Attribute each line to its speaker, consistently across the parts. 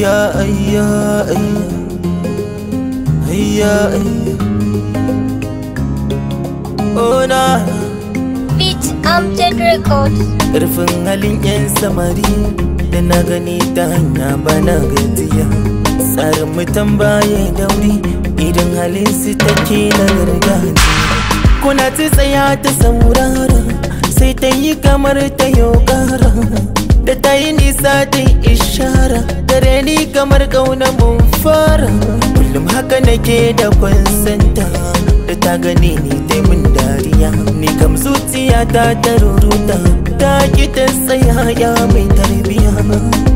Speaker 1: هيا هيا هيا هيا Rufin halin 'yan samari da na gani ta hanya bana gajiya Tsarin mutan baya dauri idan halin su take na gargajiya Kuna ta tsaya ta saurara sai ta yi kamar ta yau da ta yi nisa ta ishara dare ni kamar ƙaunar mun fara kullum haka nake da kwansanta da ta gani ni ta mun dariya ni kam zuciya ta ta ruruta ta ki ta tsaya ya mai tarbiya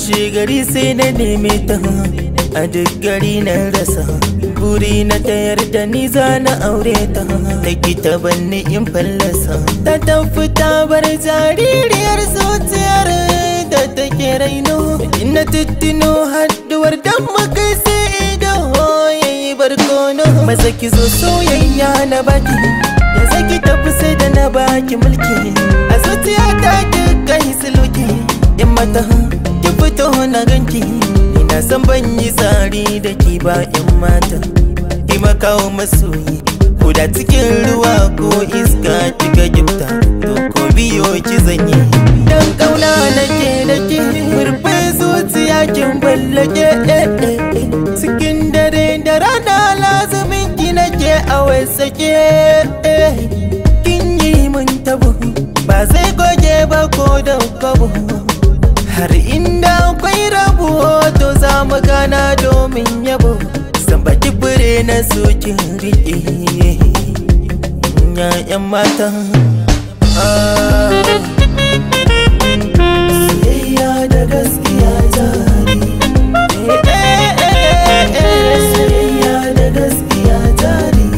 Speaker 1: shi gari sai na nemi ta a duk gari na rasa buri na tayar da ni za na aure ta da gita ta banni in fallasa ta tafi ta bar jaririyar zuciyar da ta ke raino ina tuttino haduwar dan makai sai ido yayi barkono maza ki zo soyayya na baki ya zaki tafi sai da na baki mulki a zuciya ta ki kai siluki in mata ki fito na ganki ina san ban yi tsari da ki ba yan mata ki makawo masoyi ko da cikin ruwa ko iska kika gifta to ko biyo ki zanyi dan kauna ke da ki murfe zuciya kin ballake eh, eh, eh. cikin dare da rana lazumin ki nake a wasake kin yi mun tabu ba zai goge ba ko da kabo har inda akwai rabuwa to za mu gana domin yabo zan baki bure na sokin riƙe yayan mata ah.
Speaker 2: soyayya da gaskiya jari eh, eh, eh, soyayya da gaskiya jari